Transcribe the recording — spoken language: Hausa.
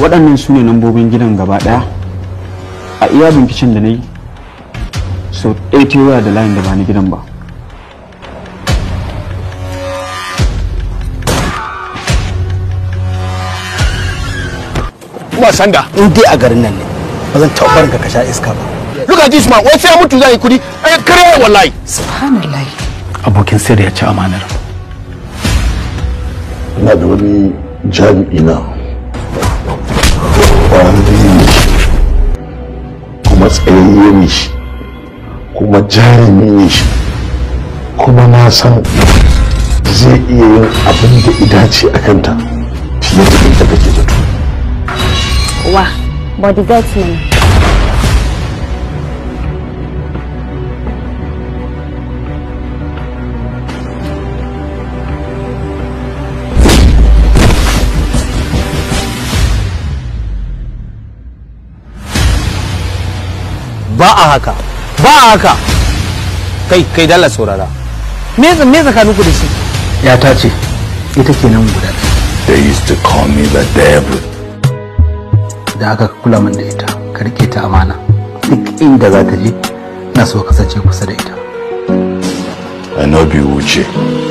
waɗannan su ne lambobin gidan gaba ɗaya a iya binkicin da na yi sau ɗaya waya da layin da ba ni gidan ba kuma sanda in dai a garin nan ne ba zan taɓa barin ka sha iska ba luka at wai sai mutu zai kudi yi eh, kare wallahi subhanallah abokin sirri ya ci amanar na da wani jami'i na tsayayye shi kuma jarumi shi kuma na san zai iya yin abin da ce a kanta fiye da inda kake zato wa bodyguards ne. ba a haka ba a haka kai kai dala saurara me me tsakanin ku da shi ya ta ce ita nan guda they used to call me the devil da aka kula min da ita ka rike ta amana duk inda za ta je na so kasance kusa da ita anobi wuce